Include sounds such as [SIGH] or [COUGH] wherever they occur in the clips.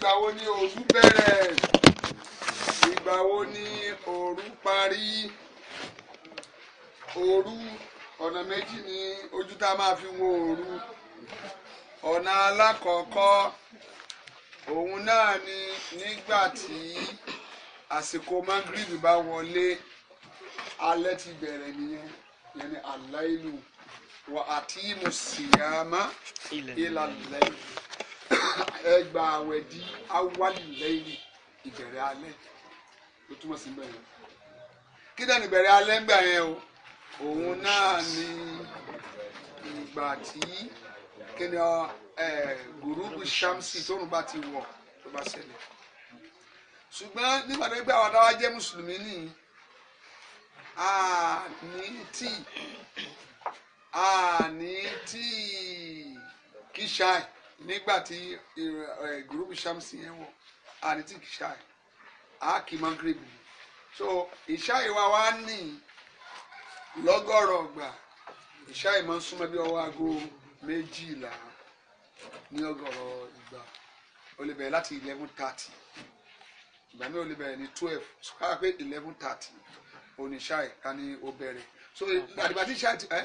ìgbà wo ni òru bẹ̀rẹ̀ ìgbà wo ni òru parí òru ọ̀nà méjì ni ojú tá a máa fi wo òru ọ̀nà alákọ̀ọ́kọ́ òun náà ni nígbà tí àsìkò magrib bá wọlé alẹ́ ti bẹ̀rẹ̀ nìyẹn yẹn ni aláìlú wà á tí mo sì yá má ilà lẹ́yìn ẹ gba àwẹ̀ di lẹ́yìn ìbẹ̀rẹ̀ alẹ́ ló túmọ̀ sí bẹ́ẹ̀ kí dẹ́ni ìbẹ̀rẹ̀ alẹ́ ń gbà yẹn o òun náà ni ìgbà tí kíni ọ ẹ gùrúbù shamsi tóun bá ti wọ̀ tó bá ṣẹlẹ̀ ṣùgbọ́n nígbà tó gbé àwọn adáwà mùsùlùmí nìyí a tí a tí kí ṣáà nígbà tí eh, gurubu shamsi yẹn wọ àti tí kì í so ìṣáà wa wá ní lọ́gọ́rọ̀ ọgbà ìṣáà máa ń súnmọ́ bí ọwọ́ aago méjìlá ní ọgọ́rọ̀ ìgbà ó láti eleven thirty ìgbà mi ò ní twelve so káyà pé eleven thirty oníṣáì ká ní ó bẹ̀rẹ̀ so àdìbàtì ṣáà ti ẹ̀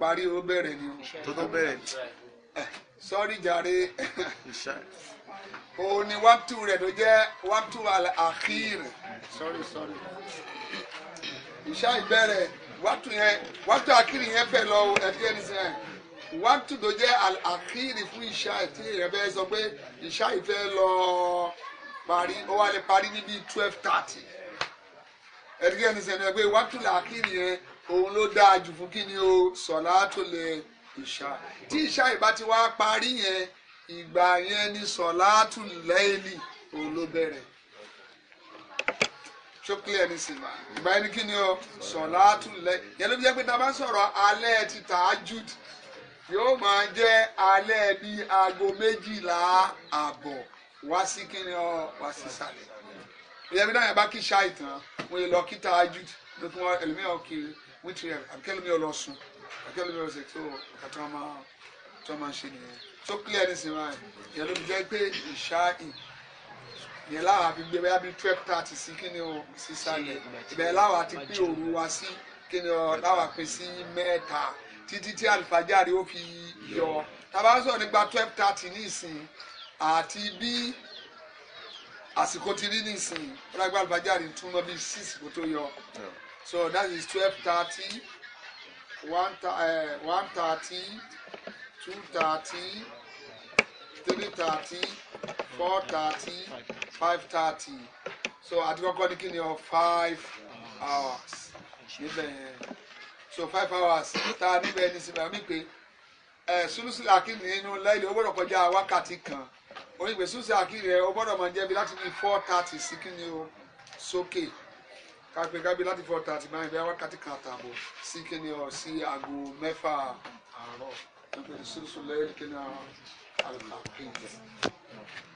parí ó bẹ̀rẹ̀ ni ó tó bẹ̀rẹ̀ sọ́rí jàre òun ni wáptù rẹ̀ tó jẹ́ wáptù àkìr sọ́rí sọ́rí ìṣá ìbẹ̀rẹ̀ wáptù yẹn wáptù àkìr yẹn bẹ̀ lọ ẹ̀dí ẹni sẹ́yìn wáptù tó jẹ́ àkìr fún ìṣá tí ìyẹn fẹ́ sọ pé ìṣá ìfẹ́ lọ parí ó wà lè parí ní bíi twelve thirty ẹ̀dí ẹni sẹ́yìn pé wáptù àkìr yẹn òun ló dáa jù fún kí ni o sọ̀lá tó lè tí ìṣá ìbá ti wá parí yẹn ìgbà yẹn ni sọ̀láàtù lẹ́ẹ̀lì òun ló bẹ̀rẹ̀ so clear ní sinmi ìgbà yẹn ni kí ni o sọ̀láàtù lẹ́ẹ̀lì yẹn ló fi jẹ́ pé tá a bá sọ̀rọ̀ alẹ́ ti tahajjud yóò máa jẹ́ alẹ́ bí aago méjìlá àbọ̀ wá sí kí ni o wá sí sàlẹ̀ ìyẹn bí náà yẹn bá kí ṣáì tán wọ́n yẹ lọ kí tahajjud lókun ẹlòmíràn kiri wíńtírẹ̀ àbíkẹ́lòmíràn lọ sùn akẹ́lẹ́ mi ò sì tó ọ̀kà tí wọ́n máa tí wọ́n máa ń ṣe nìyẹn tó clear ní sinmi rẹ̀ ìyẹn ló fi jẹ́ pé ìṣá ì ìyẹn láwa fi gbé bẹ́ẹ̀ bí twelve thirty sí kí ni o sísàlẹ̀ ìbẹ̀ láwa ti pín òru wa sí kí ni o láwa pín sí mẹ́ta títí tí àlùfájàre ó fi yọ tàbá sọ̀rọ̀ nípa twelve thirty ní ìsìn àti bí àsìkò ti rí nísìnyí ọlọ́gbà àlùfájàre tún bí six kó tó yọ so that is twelve thirty one eh, thirty two thirty three thirty four thirty five thirty so àtikọ́kọ́ ní kí ni ọ five hours níbẹ̀ yẹn so five hours ta níbẹ̀ ní sinmi àmì pé ẹ eh, sulusi akiri nínú lẹ́yìn o gbọ́dọ̀ kọjá wákàtí kan onígbèsùsì akiri rẹ o gbọ́dọ̀ máa jẹ́ bi láti ní four thirty sí kí ni o sókè. So, okay kápẹ́ gábí láti four thirty báyìí bí wákàtí kan àtààbọ̀ sí kíni ọ sí aago mẹ́fà àárọ̀ nípa ìṣúṣù lẹ́yìn kíni àlùkàkìyẹ.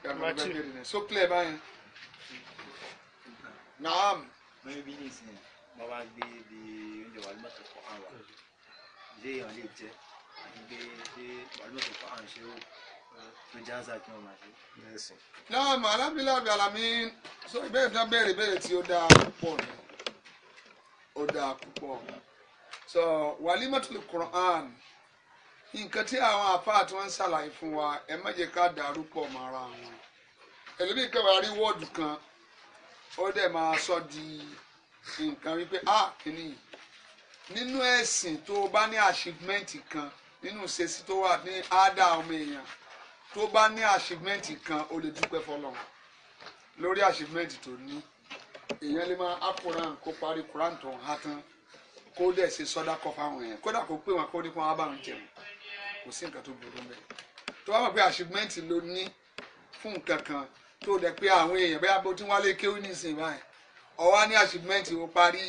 gbàgbọ́ bẹ́ẹ̀ bẹ́ẹ̀ ni so clear báyìí. naam. bẹ́ẹ̀ bí ní ìsìn mo bá gbé bí oúnjẹ wà lọ́tọ̀ fún àwa ilé ìyàn lè jẹ́ àti gbé gbé wà lọ́tọ̀ fún àwọn ìṣẹ́ òkú náà màá lábìlà àbí àlàmí ìbéèrè tí wọ́n béèrè ìbéèrè tí ó dáa pọ̀ ni ó dáa púpọ̀ so walimatul Qur'an nǹkan tí àwọn àfáà tí wọ́n ń ṣàlàyé fún wa ẹ má jẹ́ ká dàrú pọ̀ mọ́ra wọn ẹlòmíì kẹwàá rí wọ́ọ̀dù kan ó dẹ̀ máa sọ di nǹkan wípé a kìíní nínú ẹ̀sìn tó o bá ní achievement kan nínú ìṣesí tó wà ní ádá ọmọ èèyàn tó bá ní achievement kan o lè dúpẹ́ fọlọ́run lórí achievement tó ní èèyàn lè máa akoran kó parí koran tó ń ha tán kó dẹ̀ ṣe sọ́dá kọ́ fáwọn yẹn kódà kó pé wọn kó ní kó wọn bá wọn jẹun kò sí nǹkan tó burú mẹ́ tó bá mọ̀ pé àṣìgbẹ́ǹtì ló ní fún nǹkan kan tó dẹ̀ pé àwọn èèyàn bẹ́ẹ̀ abó tí wọ́n lè kéwì nísìnyí báyìí ọ̀wá ní àṣìgbẹ́ǹtì ó parí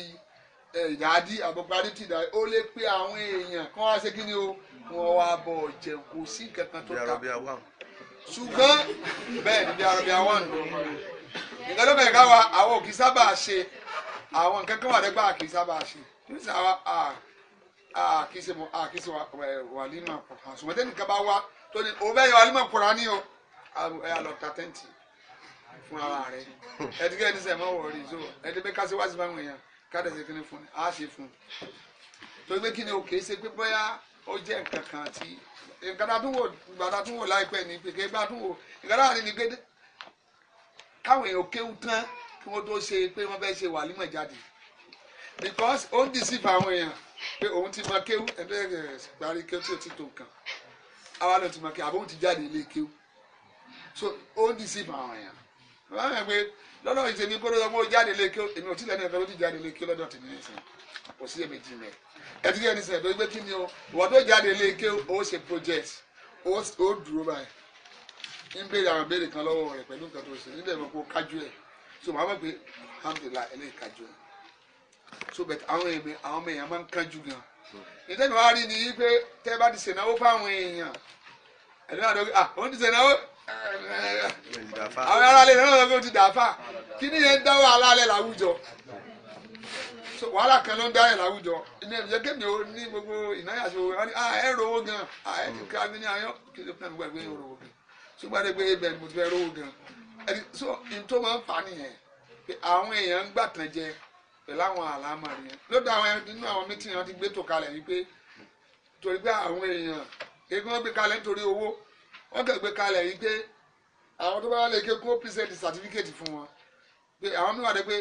eh, ìdádí àbọ̀ parí ti ìdádí ó lè pé àwọn èèyàn kán wá ṣe kí ni o wọn wá bọ̀ jẹun kò sí nǹkan kan tó ta ṣùgbọ́n bẹ́ẹ̀ ni bí arabi àwọn àná nǹkan tó bẹ̀rẹ̀ káwa àwọn òkì sábà ṣe àwọn nǹkan kan wà lẹ́gbàá àkì sábà ṣe níbi sáwa àkì ṣe mọ àkì ṣe wà límọ̀ pọ̀ àṣùmọ̀tẹ́ nìkan bá wá tó ní òun bẹ́ẹ̀ wà límọ̀ pọ̀ra ní o ẹ lọ ta tẹ́ǹtì fún ara rẹ ẹdíkẹ́ ẹni sẹ̀ mọ́ wọ̀ọ́rì so ẹdí bẹ́ẹ̀ kásí wá sí báwọn èèyàn káàdẹ̀ ṣe kíní fún ni á ṣe fún un tó gbé kíní òkè ṣe pé bóyá ó jẹ́ nǹkan kan tí nǹkan tó wò láìpẹ́ ni pé kí nǹkan tó wò nǹkan tó wà káwọn èèyàn kéwù tán kí wọ́n tó ṣe pé wọ́n fẹ́ ṣe wàlímọ̀ jáde because ó ń deceive àwọn èèyàn pé òun ti mọ kéwù ẹgbẹ́ ẹ̀ parí kéwù ó ti tó nǹkan àwa náà ti mọ kéwù àbóhùn ti jáde ilé kéwù so ó ń deceive àwọn èèyàn wọ́n mọ̀ pé lọ́dọ̀ ìṣèlú kó lọ́dọ̀ wọ́n jáde ilé kéwù èmi ò tí lẹ́nu ẹ̀fẹ́ ló ti jáde ilé kéwù lọ́dọ̀ tèmi nìsín kò sí èmi jì mẹ́ ẹtí kí ẹni sẹ̀ tó gbé kí ni o ìwọ́n tó jáde ilé kéwù ó ṣe project ó dúró báyìí ń béèrè àwọn béèrè kan lọ́wọ́ rẹ̀ pẹ̀lú nǹkan tó ṣe nílẹ̀ mọ̀ kó kájú ẹ̀ so màá mọ̀ pé alhamdulilayi eléyìí kájú ẹ̀ so bẹ̀tẹ̀ àwọn èèyàn àwọn ọmọ èèyàn máa ń kájú gan ìtẹ́nu wa rí ni yí pé tẹ́ bá ti ṣènáwó fáwọn èèyàn ẹ̀dùn àdó ah òun ti ṣènáwó àwọn aráàlẹ̀ náà lọ́kọ́ ti dà fà kí ni yẹn ń dá wàhálà alẹ́ láwùjọ so wàhálà kan ló ń dá ẹ̀ láwùjọ ilé ẹ̀ jẹ́ mi ò ní gbogbo ìnáyà ṣòwò ẹ̀ ẹ̀ rówó gan ah, ẹ̀ ti ká ní ayọ́ kí ló fún ẹ̀ gbogbo ẹ̀ gbé rówó gan ṣùgbọ́n ẹgbẹ́ ibẹ̀ ni mo ti fẹ́ rówó gan ẹni so ntọ́ máa ń fa nìyẹn pé àwọn èèyàn ń gbàtàn jẹ pẹ̀lú àwọn àlámà yẹn lọ́dọ̀ àwọn nínú àwọn mítìrì wọn ti gbé tò kalẹ̀ wípé torí pé àwọn èèyàn èyí wọ́n gbé kalẹ̀ nítorí owó wọ́n kàn gbé kalẹ̀ wípé àwọn tó bá wà lè ké kó pírísẹ̀ntì sàtífíkètì fún wọn pé àwọn mi wà dé pé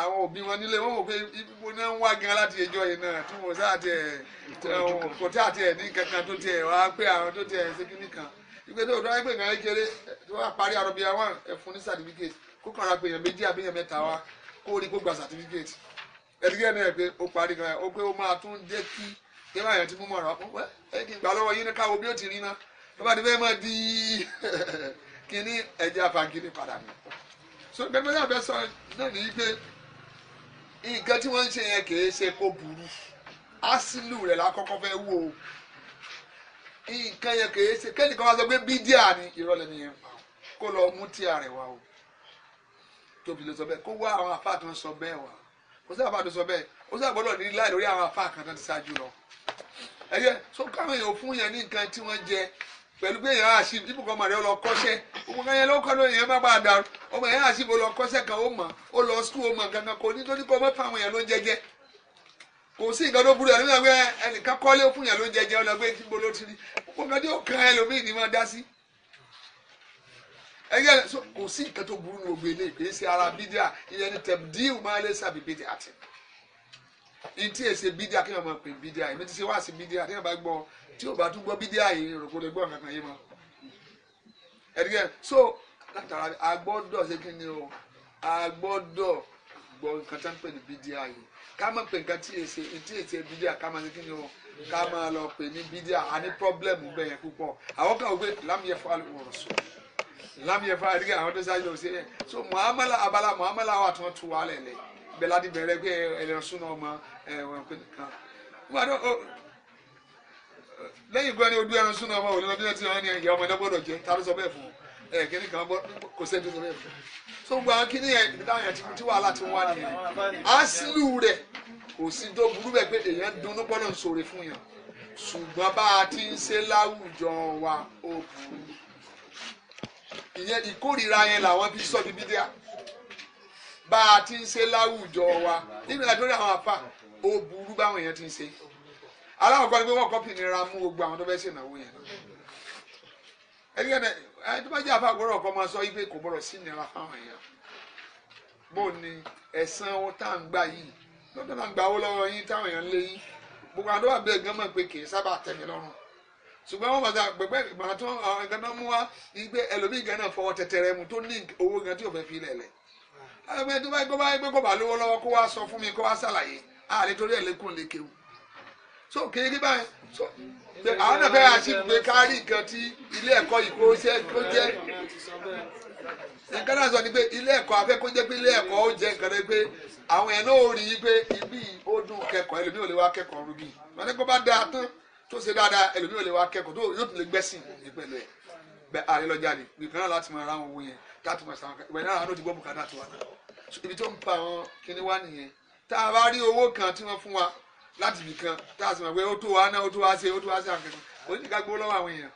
àwọn òbí wọn nílé wọn wò pé ibo náà ń wá gan láti ẹjọ́ yìí náà tí wọn sáà tẹ kò tí àti ẹ ní kankan tó tẹ wá pé àwọn tó tẹ ṣe kíní kan ìgbésẹ̀ òdo ayé pé nǹkan kékeré tí wọ́n parí àròbíà wọn ẹ̀fún ní certificate kó kàn án pé èèyàn méjì àbí èèyàn mẹ́ta wá kó o rí kó gba certificate ẹ̀dígẹ́ náà pé ó parí kan ó pé ó máa tún jẹ́ kí ti mú mọ̀ràn ọ̀pọ̀ ẹ n gbà lọ́wọ́ yín ní bí ó ti rí tó bá ti fẹ́ mọ̀ ẹ̀jẹ̀ padà ni. so gbẹgbẹ́ náà sọ náà ní pé nǹkan tí wọ́n ń ṣe yẹn kì í ṣe kó burú rẹ̀ lákọ́kọ́ nǹkan yẹn kì í ṣe kẹ́nìkan máa sọ pé bídíà ni ìrọ̀lẹ́ nìyẹn ń pa o kó lọ mú tí ààrẹ wa o tóbi ló sọ bẹ́ẹ̀ kó wá àwọn afá kan sọ bẹ́ẹ̀ wá kó sí àfá tó sọ bẹ́ẹ̀ ó sì àgbọ́dọ̀ ní láì lórí àwọn afá kan tó ti ṣáájú lọ ẹyẹ so káwọn èèyàn fún yẹn ní nǹkan tí wọ́n jẹ pẹ̀lú pé èèyàn àṣìb dípò kan màdé ó lọ kọ́ṣẹ́ òun kan yẹn ló kọ́ lóyún yẹn bá bá a dàrú ọmọ èèyàn àṣìb ó lọ kọ́ṣẹ́ kan ó mọ̀ ó lọ skul ó mọ̀ kankan kò ní tó ní kó mọ́ fáwọn èèyàn ló ń jẹ́jẹ́ kò sí nǹkan tó burú ẹ̀ lónìí ẹgbẹ́ ẹnìkan kọ́lé fún yàn ló ń jẹjẹ ọ̀nà pé kíbo ló ti rí gbogbo nǹkan tí ó kan ẹlòmíì ni máa dá sí. ẹgbẹ́ kò sí nǹkan tó burú ní gbogbo eléyìí kìí ṣe ara bídíà ìyẹn ni tẹ̀bdíù máa lé sábì bídíà tì. ní tí èsè bídíà kí wọ́n máa pè bídíà èmi ti ṣe wá sí bídíà tí wọ́n bá gbọ́ tí ò bá tún gbọ́ bídíà yìí rògbò lè gbọ́ nǹkan kan mọ́. ẹ̀dígẹ́ so látara agbọ́dọ̀ ṣe kí ni o agbọ́dọ̀ gbọ́ nǹkan tí wọ́n pè ní bídíà yìí Kama máa pè nǹkan tí èsè tí èsè bídíà ká máa ṣe kí ni o ká máa lọ pè ní bídíà a ní pọ́blẹ́mù bẹ́ẹ̀ yẹn púpọ̀ àwọn kan wọ́n pé lámìyẹ fún alùpùpù sọ lámìyẹ fún àdìgẹ àwọn tó ṣáájú lọ sí ẹ so muhammadu abala muhammadu àwọn àti wọn tu wa lẹlẹ bẹ́ẹ̀ láti bẹ̀rẹ̀ pé ẹlẹsùn náà mọ ẹwọn pé nìkan oh, lẹ́yìn gbọ́n ni ojú ẹran sún náà mọ òun lọ bí wọ́n ti rán ni ìyá ọmọ gbọ́dọ̀ jẹ tá sọ bẹ́ẹ̀ fún ẹ kí so gba kíní yẹn ibi táwọn yẹn ti ti wàhálà asilu rẹ kò sí tó burú bẹ pé èèyàn dunnú gbọ́dọ̀ sọ̀rọ̀ fún yẹn ṣùgbọ́n bá a ti ń ṣe láwùjọ wa ó kú ìyẹn ìkórìíra yẹn làwọn fi sọ bíbí díà bá a ti ń ṣe láwùjọ wa nígbà tó àwọn afa ó burú báwọn èèyàn ti ń ṣe aláwọ̀ kan ni pé wọ́n kọ́ fìnnira mú gbogbo àwọn tó fẹ́ ṣèlú náà yẹn ẹgbẹ́ náà ẹ tó bá jẹ́ àbá gbọ́dọ̀ kọ́ máa sọ ibi kò gbọ́dọ̀ sí ìnira fáwọn èèyàn bó ni ẹ̀san owó tá à ń gbà yìí lọ́dọ̀ náà gba owó lọ́wọ́ yín táwọn èèyàn lé yín gbogbo àdó wà bẹ́ẹ̀ gan mọ̀ pé kì í sábà tẹ̀mí lọ́rùn ṣùgbọ́n wọ́n bàtà pẹ̀pẹ́ ìgbà tó àwọn ẹ̀gán náà mú wa igbe ẹlòmíì gan náà fọwọ́ tẹ̀tẹ̀rẹ̀ mu tó ní owó gan tí ò fẹ́ fi lẹ̀ lẹ̀ ẹgbẹ́ tó bá pé àwọn náà fẹ́ achieve pé kárí nǹkan tí ilé ẹ̀kọ́ yìí kó jẹ́ kó jẹ́ nǹkan náà sọ ni pé ilé ẹ̀kọ́ afẹ́ kó jẹ́ pé ilé ẹ̀kọ́ ó jẹ́ nǹkan rẹ pé àwọn ẹ̀ náà ó rí i pé ibi ó dùn kẹ́kọ̀ọ́ ẹlòmíì ò lè wá kẹ́kọ̀ọ́ rúbì wọn ní kó bá dáa tán tó ṣe dáadáa ẹlòmíì ò lè wá kẹ́kọ̀ọ́ tó yóò tún lè gbẹ́sìn ní pẹ̀lú ẹ̀ bẹ́ẹ̀ ààrẹ lọ́jà ni nǹkan náà láti mọ ara wọn wọ̀nyẹn láti mọ sàn ìwẹ̀ náà àwọn òdìbò bùkátà tó wà náà ibi tá láti ibì kan tá a sì mọ̀ pé ó tó wa náà ó tó wa ṣe ó tó wa ṣe àǹkẹ́kọ̀ọ́ kò ní ká gbowó lọ́wọ́ àwọn èèyàn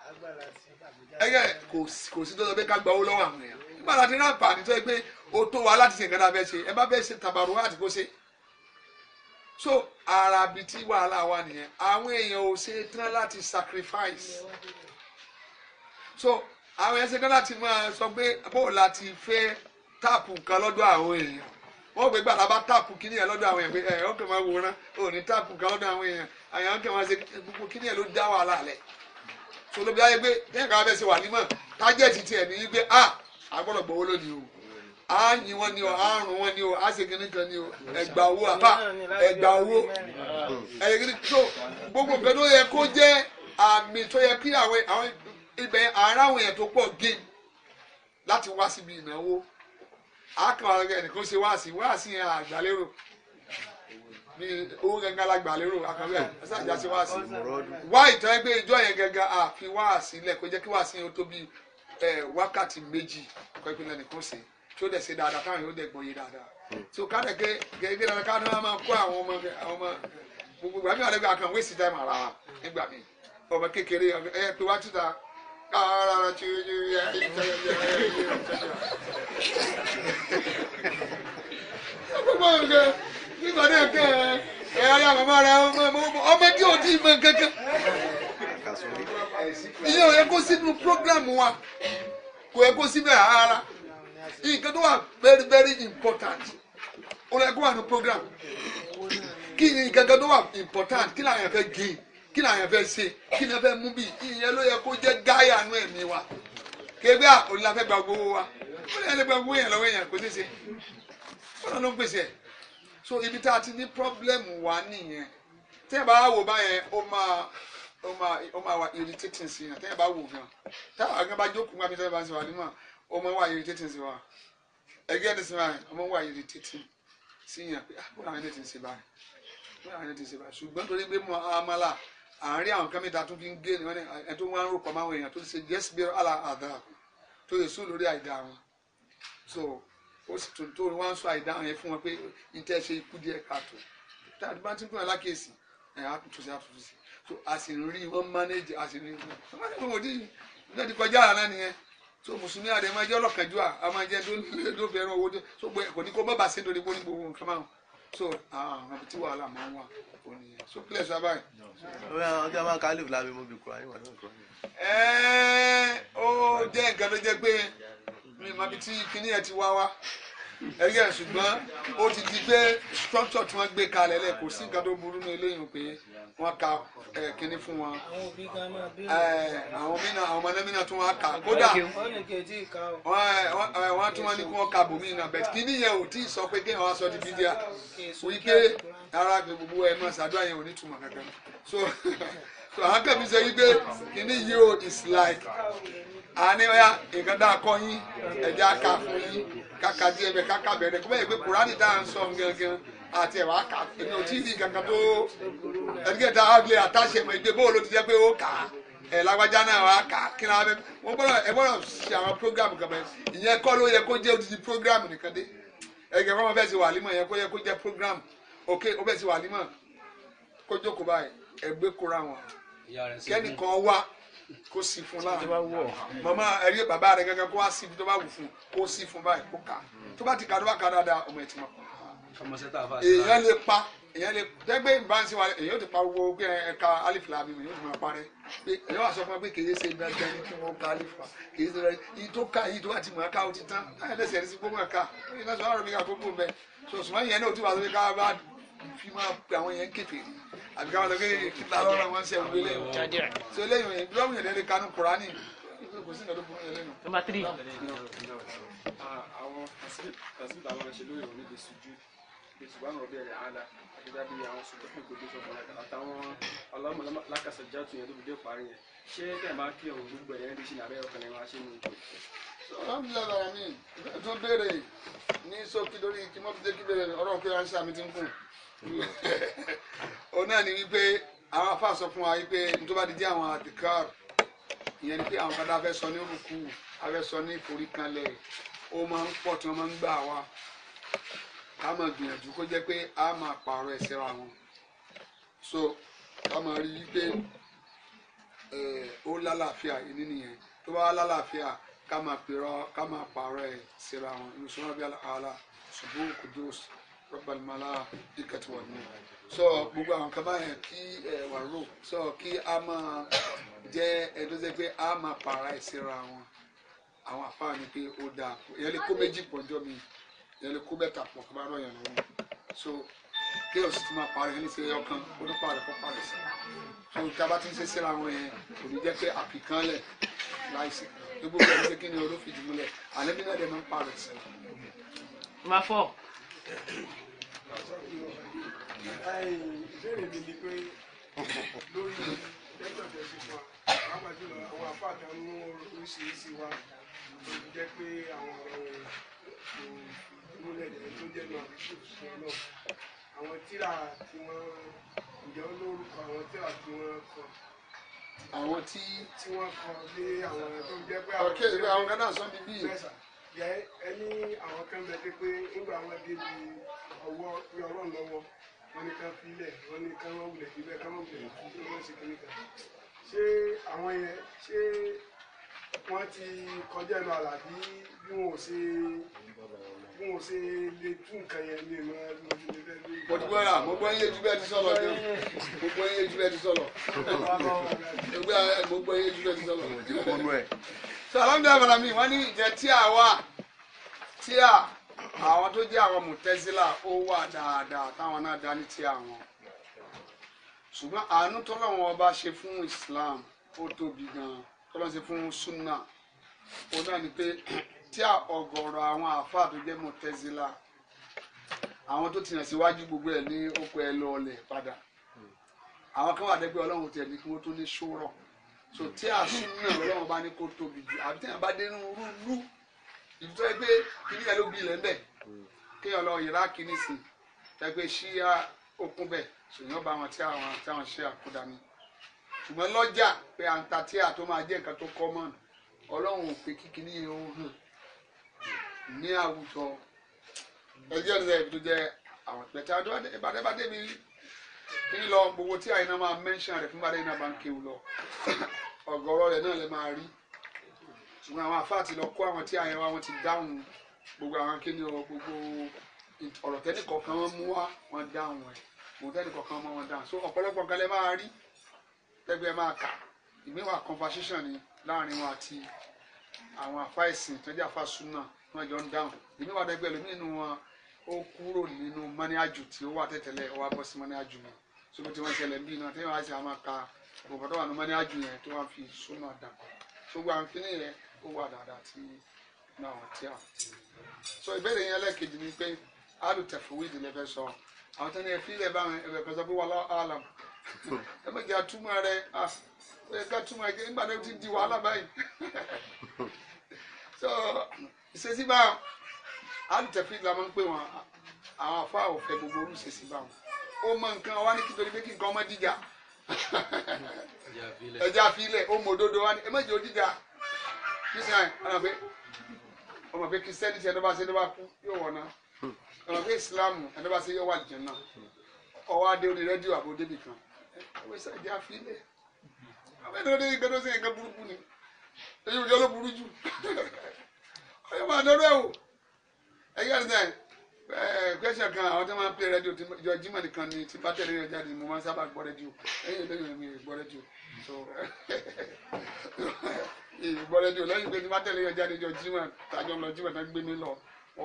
ẹgẹ kò sí tó sọ pé ká gbowó lọ́wọ́ àwọn èèyàn nígbà tá a ti ní àǹfààní tó yẹ pé ó tó wa láti ṣe nǹkan tá a fẹ́ ṣe ẹ bá fẹ́ ṣe tàbàrù wá àti kó ṣe so ara bi tí wàhálà wà nìyẹn àwọn èèyàn ò ṣe tán láti sacrifice so àwọn èèyàn ṣe tán láti máa sọ pé bó láti fẹ́ táàpù nǹkan lọ́dọ̀ àwọn èèyàn wọ́n gbé gbàrà bá táàpù kíní ẹ̀ lọ́dọ̀ àwọn èèyàn ẹ̀ ọkàn máa wòran ò ní táàpù kan lọ́dọ̀ àwọn èèyàn àyàn ọkàn máa ṣe gbogbo kíní ẹ̀ ló dá wàhálà lẹ̀ solobi ayé gbé bẹ́ẹ̀ ká bẹ́ẹ̀ wà nímọ̀ tájẹ́ẹ̀tì tiẹ̀ ní gbé a agbọ́dọ̀ gbowó lónìí o a yin wọn ni o a rùn wọn ni o a ṣe kíní kan ni o ẹgbà owó àbá ẹgbà owó ẹyẹ kíní tó gbogbo nǹkan tó yẹ kó jẹ́ àmì tó yẹ kí àwọn ibẹ̀ àárá àwọn èèyàn tó pọ̀ gé láti wá síbi ìnáwó akàn ẹnìkan ṣe waasi, waasi yẹn àgbàlérò o, owó gangan lágbàlérò akàn bẹ́ẹ̀ ẹsẹ àjà ṣe wáàsí wá ìtàn ẹgbẹ́ ìjọ yẹn gangan àfi wáàsí lẹ̀ kó jẹ́ kí wáàsí yẹn ó tó bí wákàtí méjì kọ́ ìpínlẹ̀ nìkan ṣe tí ó dẹ̀ ṣe dáadáa káwọn yóò dẹ̀ gbọ́ yé dáadáa so káàdẹ̀ ké gẹ́gẹ́ dáadáa ma máa máa kó àwọn ọmọ àwọn ọmọ gbogbo táìmù ọmọ kékeré ẹ ら90やいったや nígbà náà kẹ ẹ ẹ ara màmá rẹ very very important ó yẹ kó wà ní programu kí important kí làwọn fẹ́ ṣe kí ni wọ́n fẹ́ mú bí ìyẹn ló yẹ kó jẹ́ gáyà nú ẹ̀mí wa kébé àkòrí la fẹ́ gba gbowó wa ó lè lè gba gbowó yẹn lọ́wọ́ yẹn kò ní ṣe wọ́n ló ń pèsè so ibi tá a ti ní pọ́blẹ́mù wa nìyẹn tẹ́yìn bá wò báyẹn ó máa ó máa ó máa wà irritating sí yẹn tẹ́yìn bá wò gan táwọn àgbẹ̀ bá jókòó nígbà tẹ́yìn bá ń sọ wà nímọ̀ ó máa wà irritating sí wa ẹgbẹ́ ẹni sí wa yẹn wà irritating sí yẹn pé àbúrò ah, àwọn ẹni ti ń ṣe báyìí àbúrò àwọn ẹni ti ń ṣe báyìí ṣùgbọ́n torí pé mo àmàlà àárín àwọn kan mẹ́ta tó fi ń gé ni wọ́n ní ẹ tó wọ́n ń rúkọ máwọn èèyàn tó ti ṣe jẹ́sí bí ala àdá tó yẹ sùn lórí àìdá wọn so ó sì tó tó wọ́n sọ àìdá wọn yẹn fún wọn pé n tẹ́ ṣe ikú díẹ̀ káàtó tá a ti bá ti ń pè wọn lákèsì ẹ̀ á tún sí àtúntò sí so a sì ń rí wọn manage a sì ń rí wọn manage wọn òdì náà ti kọjá àná nìyẹn so mùsùlùmí àdèmọ́ ẹjọ́ ọlọ́kànjú à àmọ́ ẹjẹ́ tó bẹ̀rù owó so kò ní kó bàbà sí so àwọn ah, ibi tí wàhálà máa ń wà ó nìyẹn so kílẹ̀ sọ abáyé. ọjọ́ máa ń kálíf lábẹ́ mo bí kura yín wà ní ìkọ́. ẹ ó jẹ́ nǹkan tó jẹ́ pé mi ò mọ ibi tí kinní ẹ ti wá wá. ẹgbẹ́ ṣùgbọ́n ó ti di pé structure tí wọ́n gbé kalẹ̀ lẹ̀ kò sí nǹkan tó burú ní eléyìí pé wọ́n ka kínní fún wọn. àwọn òbí náà àwọn mìíràn àwọn tún wọ́n kà kódà wọ́n tún wọ́n ní kí wọ́n ka bòmí náà kínní gbogbo ẹ̀ máa ṣàdúrà yẹn ò ní [LAUGHS] so àwọn sọ yí pé is like. Ani ọ̀yà nǹkan dá akọ yín ẹja aka fún yín k'aka díẹ̀ bẹ̀ k'aka bẹ̀rẹ̀ kó bẹ́ẹ̀ pé kùránì tá à sọ gangan àti ẹ̀wà kà èmi ò tí ì kankan tó àtàṣe ìgbé bóòlù ti jẹ pé ó kà á ẹ lágbájá náà wà á ẹ ṣe àwọn program kan bẹ ìyẹn ló yẹ kó odidi program nìkan dé fọmọ wà límọ kó yẹ kó program ok ó wà límọ kó jókòó báyìí kóra kó sí fún láàrin mama ẹ̀rí bàbá rẹ̀ gẹ́gẹ́ kó wá sí ibi tó bá wù fún kó sí fún báyìí kó kà hmm. tó bá ti kà tó bá kà dáadáa ọmọ ẹ̀ ti mọ̀ èèyàn lè pa èèyàn lè dẹ́gbẹ́ ìbánsí wa èèyàn ti pa gbogbo pé ẹ̀ka alifila mi èèyàn ti máa parẹ́ èèyàn wà sọ fún wa pé kèé ṣe dandan ní kí wọ́n ka alifa kèé ṣe dandan yìí tó ká yìí tó bá ti mọ̀ ká o ti tán láyé lẹ́sẹ̀ ẹ̀rí sí gbogbo ẹ̀ka èyí náà sọ wà rọ̀ mi ká gbogbo mẹ́ sọ̀sùn mọ́ yẹn náà ó ti wà sọ pé ká bá fi máa pe àwọn yẹn kékeré àbí káwọn sọ pé kíta lọ́rọ̀ wọn ṣe ìwé lẹ̀ so eléyìí yẹn dúró yẹn lè kanú Kùránì kò sí ìdádó fún yẹn lẹ́nu. nọ́mbà tírì. Ah, àwọn tasbih àwọn ẹ̀ṣẹ̀ lórí ìròyìn lè sojú lè ṣùgbọ́n àwọn ọbẹ̀ rẹ̀ àlà àdéjà bíi àwọn sùgbọ́n pé kò dé sọ̀rọ̀ àtàwọn ọlọ́mọ lákàṣà játù yẹn tó fi dé parí yẹn ṣé tẹ̀ máa kí ọ̀hún gbogbo ẹ̀yẹ́ lè ṣe nàbẹ́ ọkàn yẹn wá ṣé ni. alhamdulilayi tó béèrè ní sókè lórí kí mọ́tò dé kí béèrè ọ̀rọ̀ pé à ń ṣe àmì ti ń kù o [LAUGHS] náà ni wípé àwọn afa sọ fún wa wípé nítorí bá ti jẹ́ àwọn àdìkàr ìyẹn ni pé àwọn padà fẹ́ sọ ní òkú afẹ́ sọ ní ìforíkanlẹ̀ o máa ń pọ̀ tí wọ́n máa ń gbà wá ká máa gbìyànjú kó jẹ́ pé a máa pààrọ̀ ẹ̀sẹ̀ ra wọn so ká máa rí wípé eh, ó lálàáfíà ìní nìyẹn tó bá wá lálàáfíà ká máa pààrọ̀ ẹ̀ síra wọn ìmùsùlùmí àbí àlà ṣùgbọ́n kò dúró Rabbal-malaa'ikati wan-nur so gbogbo àwọn kan báyẹn kí ẹ wà rò so kí a máa jẹ ẹdọ́jẹ́ pé a máa para ìsira wọn àwọn àfáà ni pé ó dáa ìyẹn lè kó méjì pọ̀jọ́ mi ìyẹn lè kó mẹ́ta pọ̀ kí n bá rọ̀ yẹn lọ́wọ́ so kí o sì tún máa parí ẹni sí ọkàn onípa rẹ̀ kó parí sí so tí a bá ti ń ṣe síra wọn yẹn kò ní jẹ́ pé àkìkan lẹ̀ láìsí gbogbo ẹ̀ ń ṣe kí ni olófìdí múlẹ̀ àlẹ́ bí náà dẹ̀ máa ń parí sí ìbéèrè mi ni pé lórí lẹ́tọ̀dẹ̀ sí wa pàápàá jùlọ àwọn àpáàdà ń mú oríṣiríṣi wa tó jẹ́ pé àwọn ìmúlẹ̀dẹ̀ tó jẹ́ náà fún náà àwọn tíra tí wọ́n ǹjẹ́ olórúkọ àwọn tíra tí wọ́n kọ àwọn tí tí wọ́n kọ lé àwọn tó jẹ́ pé àwọn. ọ̀kẹ́ ìwé àwọn kan náà sọ níbí yẹ ẹni àwọn kan bẹ pé ńgbà wọn débi ọwọ́ pé ọlọ́run lọ́wọ́ wọn ní kan filẹ̀ wọn ní kan wọn wulẹ̀ níbẹ̀ kan wọn wulẹ̀ níbẹ̀ kí wọ́n ṣe kíní kan ṣé àwọn yẹn ṣé wọ́n ti kọjá ẹnu àlà bí bí wọn ò ṣe bí wọn ò ṣe lè tú nǹkan yẹn lè mọ bí wọn ti lè fẹ́ lórí. mo dúpẹ́ rà mo gbọ́ yín ejú bẹ́ẹ̀ ti sọ̀rọ̀ ni mo gbọ́ yín ejú bẹ́ẹ̀ ti sọ̀rọ̀ mo gbọ́ yín ejú bẹ́ẹ̀ ti sọ̀rọ̀ so alhamdulilayi fana mi wọn ní ìjẹ tia, a tia tí a àwọn tó jẹ́ àwọn mùtẹ́sílà ó wà dáadáa táwọn náà dání tí àwọn ṣùgbọ́n àánú tọ́lọ́wọ́n ọba ṣe fún Islam ó tóbi gan-an tọ́lọ́wọ́n ṣe fún sunna ó náà ni pé [CLEARS THROAT] tí a ọ̀gọ̀rọ̀ àwọn àáfàá tó jẹ́ mùtẹ́sílà àwọn tó ti yàn síwájú gbogbo ẹ̀ ní ó pẹ́ lọ́ọ̀lẹ̀ padà àwọn kan wà dẹ́gbẹ́ ọlọ́run tẹ̀ ní kí wọ́n tó ní ṣòro so tí a sún náà ọlọ́run bá ní kó tóbi jù àbí tẹ̀yìn bá dé nínú rúurú ibi tó yẹ pé kíní ẹ ló gbi ilẹ̀ ńbẹ̀ kéèyàn lọ yẹra kíní sí ẹ pé ṣíyá okun bẹ̀ ṣèyàn bá wọn tí àwọn tí àwọn ṣe àkúdà ni ṣùgbọ́n lọ́jà pé à ń ta tí a tó máa jẹ́ nǹkan tó kọ́ mọ́ ọlọ́run ò pé kíkiní yẹn ó hàn ní àwùjọ ẹjẹ́ rẹ̀ tó jẹ́ àwọn pẹ̀tẹ́ àdúrà ìbàdàn bá débi kí n lọ gbogbo tí àyìnà máa mẹ́ńṣán rẹ̀ fún bàdé iná bá ń kéwù lọ ọ̀gọ̀rọ̀ rẹ̀ náà lè máa rí ṣùgbọ́n àwọn afá ti lọ kó àwọn tí àyìnà wọn ti dáhùn gbogbo àwọn kíni ọ gbogbo ọ̀rọ̀ tẹ́nì kọ̀ọ̀kan wọn mú wá wọn dáhùn ẹ̀ òun tẹ́nì kọ̀ọ̀kan wọn wọn dáhùn so ọ̀pọ̀lọpọ̀ nǹkan lẹ máa rí tẹ́gbẹ́ máa kà ìgbéwà conversation ni láàrin wọn àti àwọn afá ìsìn tó jẹ́ afá súnà wọn jọ ń dáhùn ìgbéwà dẹ́gbẹ́ lómi nínú wọn ó kúrò nínú mọ́níájú tí ó wà tẹ̀tẹ̀lẹ̀ ó wá bọ́ sí mọ́níájú mi sóbi tí wọ́n ṣẹlẹ̀ bí iná máa ka òkùnkùn tó wà ní mọ́níájú yẹn tó wá fi súnà dàpọ̀ sógbà ń kíní yẹn ó wà dáadáa tí náà tí a. sọ ìbéèrè yẹn lẹ́ẹ̀kejì ni pé alu tẹ̀fọ̀wéèdì lẹ́fẹ̀ sọ àwọn tẹ́ni ẹ̀fí lẹ̀ bá ẹ̀rẹ̀ ebe pé alam [LAUGHS] [LAUGHS] alùtẹ̀fì la máa ń pè wọn àwọn afa òfẹ gbogbo olùsèsì bá wọn ó mọ nǹkan wá ní kítorí pé kí nǹkan ọmọ dìjà ẹja filẹ ó mọ òdodo wá ní ẹ má jẹ́ òdìjà kristian ọ̀nà pé ọmọ pé kristian ti ẹ̀dọ́ bá ṣe ẹ̀dọ́ bá kú yóò wọ̀ náà ọ̀nà pé islam ẹ̀dọ́ bá ṣe yóò wà jẹ̀ náà ọwọ́ adé orí rẹ́díò àbò débì kan ẹ̀wọ́ ẹja filẹ àwọn ẹ̀dọ́ ẹgbẹ́ ẹ̀sìn sẹ́yìn question kan àwọn tó máa ń play radio ìjọ jimá nìkan ni tí bá tẹ̀lé rẹ̀ jáde mo máa ń sábà gbọ́ rédíò lẹ́yìn lẹ́yìn mi gbọ́ rédíò so [LAUGHS] gbọ́ rédíò lẹ́yìn pé tí bá tẹ̀lé rẹ̀ jáde ìjọ jimá tàjọ lọ jimá tó gbé mi lọ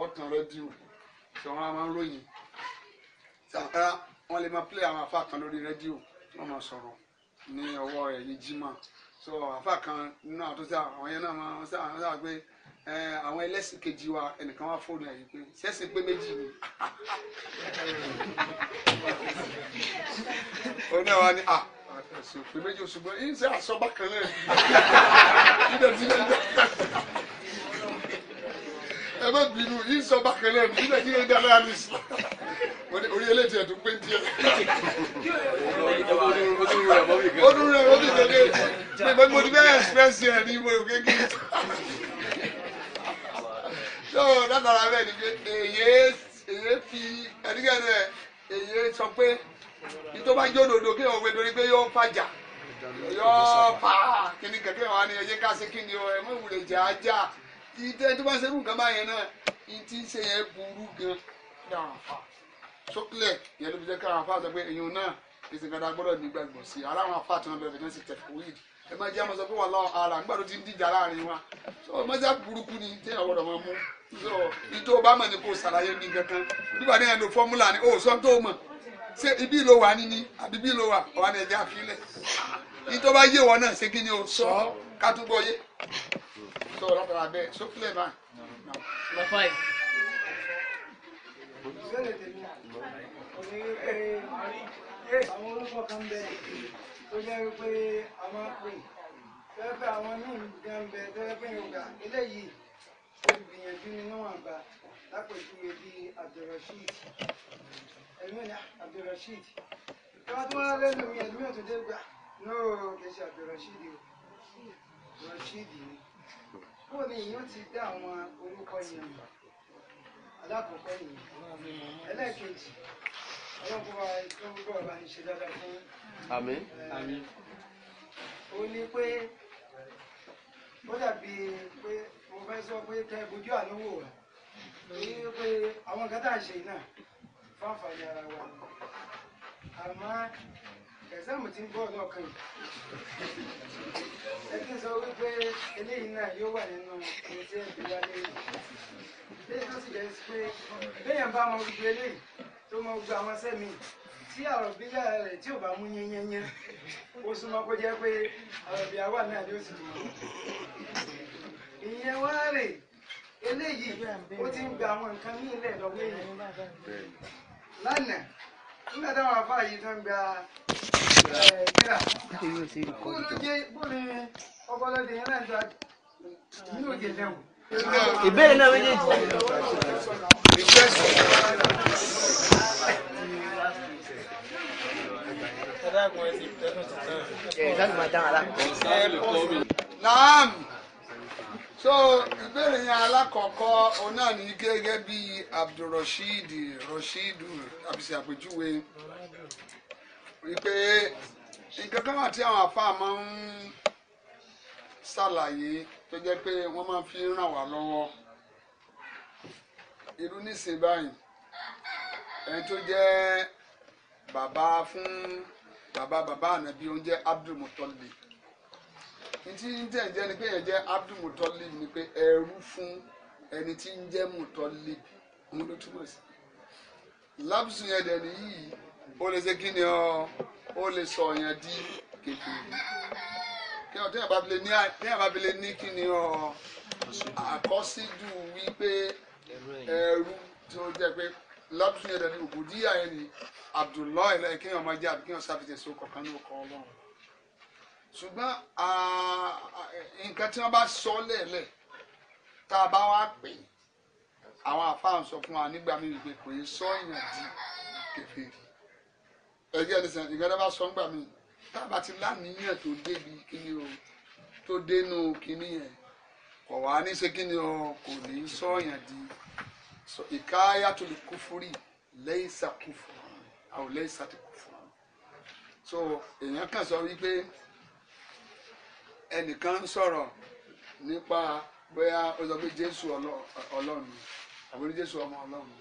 ọ̀tàn rédíò tí wọ́n máa ń ròyìn sàkárà wọ́n lè máa play àwọn afá kan lórí rédíò wọ́n máa sọ̀rọ̀ ní ọwọ́ ẹ̀yìn jimá so afá kan nínú àtúnṣe àwọn yẹn náà máa ń sáà ẹ àwọn ẹlẹ́sìn kejì wa ẹnìkan wá fóònù ẹ̀yìn pé sẹ́sìn pé méjì ni oní àwa ni à ẹ̀sìn pé méjì ṣùgbọ́n ẹ̀yìn sẹ́ àsọ́bà kan náà nígbà tí lè dá ẹ bá bínú ẹ̀yìn sọ́bà kan náà nígbà tí lè dá náà ní ìsìlá wọ́n ní orí eléyìí ẹ̀dùn pé ń tiẹ̀. ó dúró rẹ̀ mọ́bì kékeré pé mo ti bẹ́ẹ̀ ẹ̀sìpẹ́sì ẹ̀ ní mo kékeré so látara bẹ́ẹ̀ ni pé èyí èyí fi ẹ̀dígẹ́dẹ́ èyí sọ pé ìjọba jódodo kí wọ́n gbé torí pé yóò fàjà yóò fà á kíni kẹ̀kẹ́ wọn ni ẹ̀yẹ ká kíni o ẹ̀ mọ̀ ìwúlẹ̀ jà á jà ìtẹ́ tó bá ṣe fún nǹkan báyẹn náà ní ti ń ṣe yẹn burú gan dáhàfà sókèlè yẹn ló fi jẹ́ káwọn afá sọ pé èyàn náà kì a gbọ́dọ̀ nígbàgbọ́ sí i aláwọn afá tí wọ́n bẹ̀rẹ̀ fi náà ṣe tẹ̀fọ́ ẹ máa jẹ́ àmọ́ sọ pé wà lọ ara nígbà tó ti ń dìjà láàrin wa so mọ́sá burúkú ni téèyàn gbọ́dọ̀ máa mú so ìtò bá mọ̀ ní kò ṣàlàyé ní kankan nígbà téèyàn lo fọ́múlà ni ó sọ tó mọ̀ ṣé ibi ló wà níní àbí ibi ló wà wà ní ẹ̀jẹ̀ àfilẹ̀ ìtò bá yé wọn náà ṣé kí ni o sọ ká yé so látara bẹ́ẹ̀ sókílẹ̀ náà. Eh, àwọn olùkọ́ kan tó jẹ́ wípé a máa pè fẹ́fẹ́ àwọn míì gan bẹ tẹ́lẹ́pẹ́ yorùbá eléyìí olùgbìyànjú nínú àgbà lápẹ̀júwe bí Abdulrasheed ẹ̀mí Abdulrasheed tí wọ́n tún wá lẹ́nu mi ẹ̀mí ọ̀tún dé gbà náà kì í ṣe Abdulrasheed o Rasheed ni bó ni ìyẹn ti dá àwọn orúkọ yẹn alákọ̀ọ́kọ́ yìí ẹlẹ́ẹ̀kejì àmín. àmín. ní pé ó dàbí pé mo fẹ́ sọ pé kẹ́ bojú àánú wò ní pé àwọn nǹkan tá à ṣe náà fáfàní ara wa àmọ́ ẹ̀sẹ̀mù ti ń bọ̀ lọ́kàn ẹ ti sọ wípé eléyìí náà yóò wà nínú ẹ̀sẹ̀ ìgbéwálé lẹ́yìn tó sì jẹ́ pé lẹ́yìn bá wọn gbé eléyìí ló máa gba àwọn sẹ́mi tí àròbílẹ̀ rẹ̀ tí ò bá mú yẹnyẹnyẹ ó súnmọ́ kó jẹ́ pé àròbíà wà náà ni ó sì mú ìyẹn wá rè eléyìí ó ti ń gba àwọn nǹkan ní ilẹ̀ lọ́wọ́ èèyàn lánàá nígbà táwọn afá yìí tán gba ẹ̀ẹ́dẹ́rà kó ló jẹ́ bóni ọpọlọdé yẹn náà ń ta ní òjè lẹ́wọ̀n. ìbéèrè náà méjèèjì. sáré máa dáhùn alákọ̀ọ́kọ́. naam so ìbéèrè yẹn alákọ̀ọ́kọ́ òun náà ní gẹ́gẹ́ bí abdulrasheed rasheedu àbísí àpèjúwe wípé nǹkan kan wà tí àwọn àfáà máa ń ṣàlàyé tó jẹ́ pé wọ́n máa fi ràn wá lọ́wọ́ irú nísìnyí báyìí ẹni tó jẹ́ bàbá fún bàbá bàbá ànábì òun jẹ́ Abdul Muttalib ntí ń tẹ̀ ń jẹ́ ni pé yẹn jẹ́ Abdul Muttalib ni pé ẹrú fún ẹni tí ń jẹ́ Muttalib òun ló túmọ̀ sí lábùsùn yẹn dẹ̀ nìyí ó lè ṣe kí ni ọ ó lè sọ yẹn di kékeré kí ọ tẹ́yà bá fi lè ní kí ni ọ àkọsídù wípé ẹrú tí ó jẹ́ pé lọ́dún yẹn dẹ̀ni òbòdíyà yẹn ni abdullahi lẹ́yìn kéèyàn máa jẹ́ àbí kéèyàn sábìtì sí ọkọ̀ kan ní ọkọ̀ ọlọ́run ṣùgbọ́n nǹkan tí wọ́n bá sọ lẹ́ẹ̀lẹ̀ tá a bá wá pè àwọn àfáà ń sọ fún wa nígbà míì pé kò yẹ sọ èèyàn di kèfèrí ẹgbẹ́ ẹni sẹ́yìn nǹkan tó bá sọ nígbà míì tá a bá ti láníyàn tó débi kíni o tó dénú kíni yẹn kò wá ní ṣe kíni o kò ní sọ èèyàn di so ìkáyà tó lè kúfúrì lẹ́yìn sàkúfúrì àwọn lẹ́yìn sàtìkúfúrì so èèyàn kan sọ wípé ẹnìkan ń sọ̀rọ̀ nípa bóyá ó sọ pé jésù ọlọ́run àbúrò jésù ọmọ ọlọ́run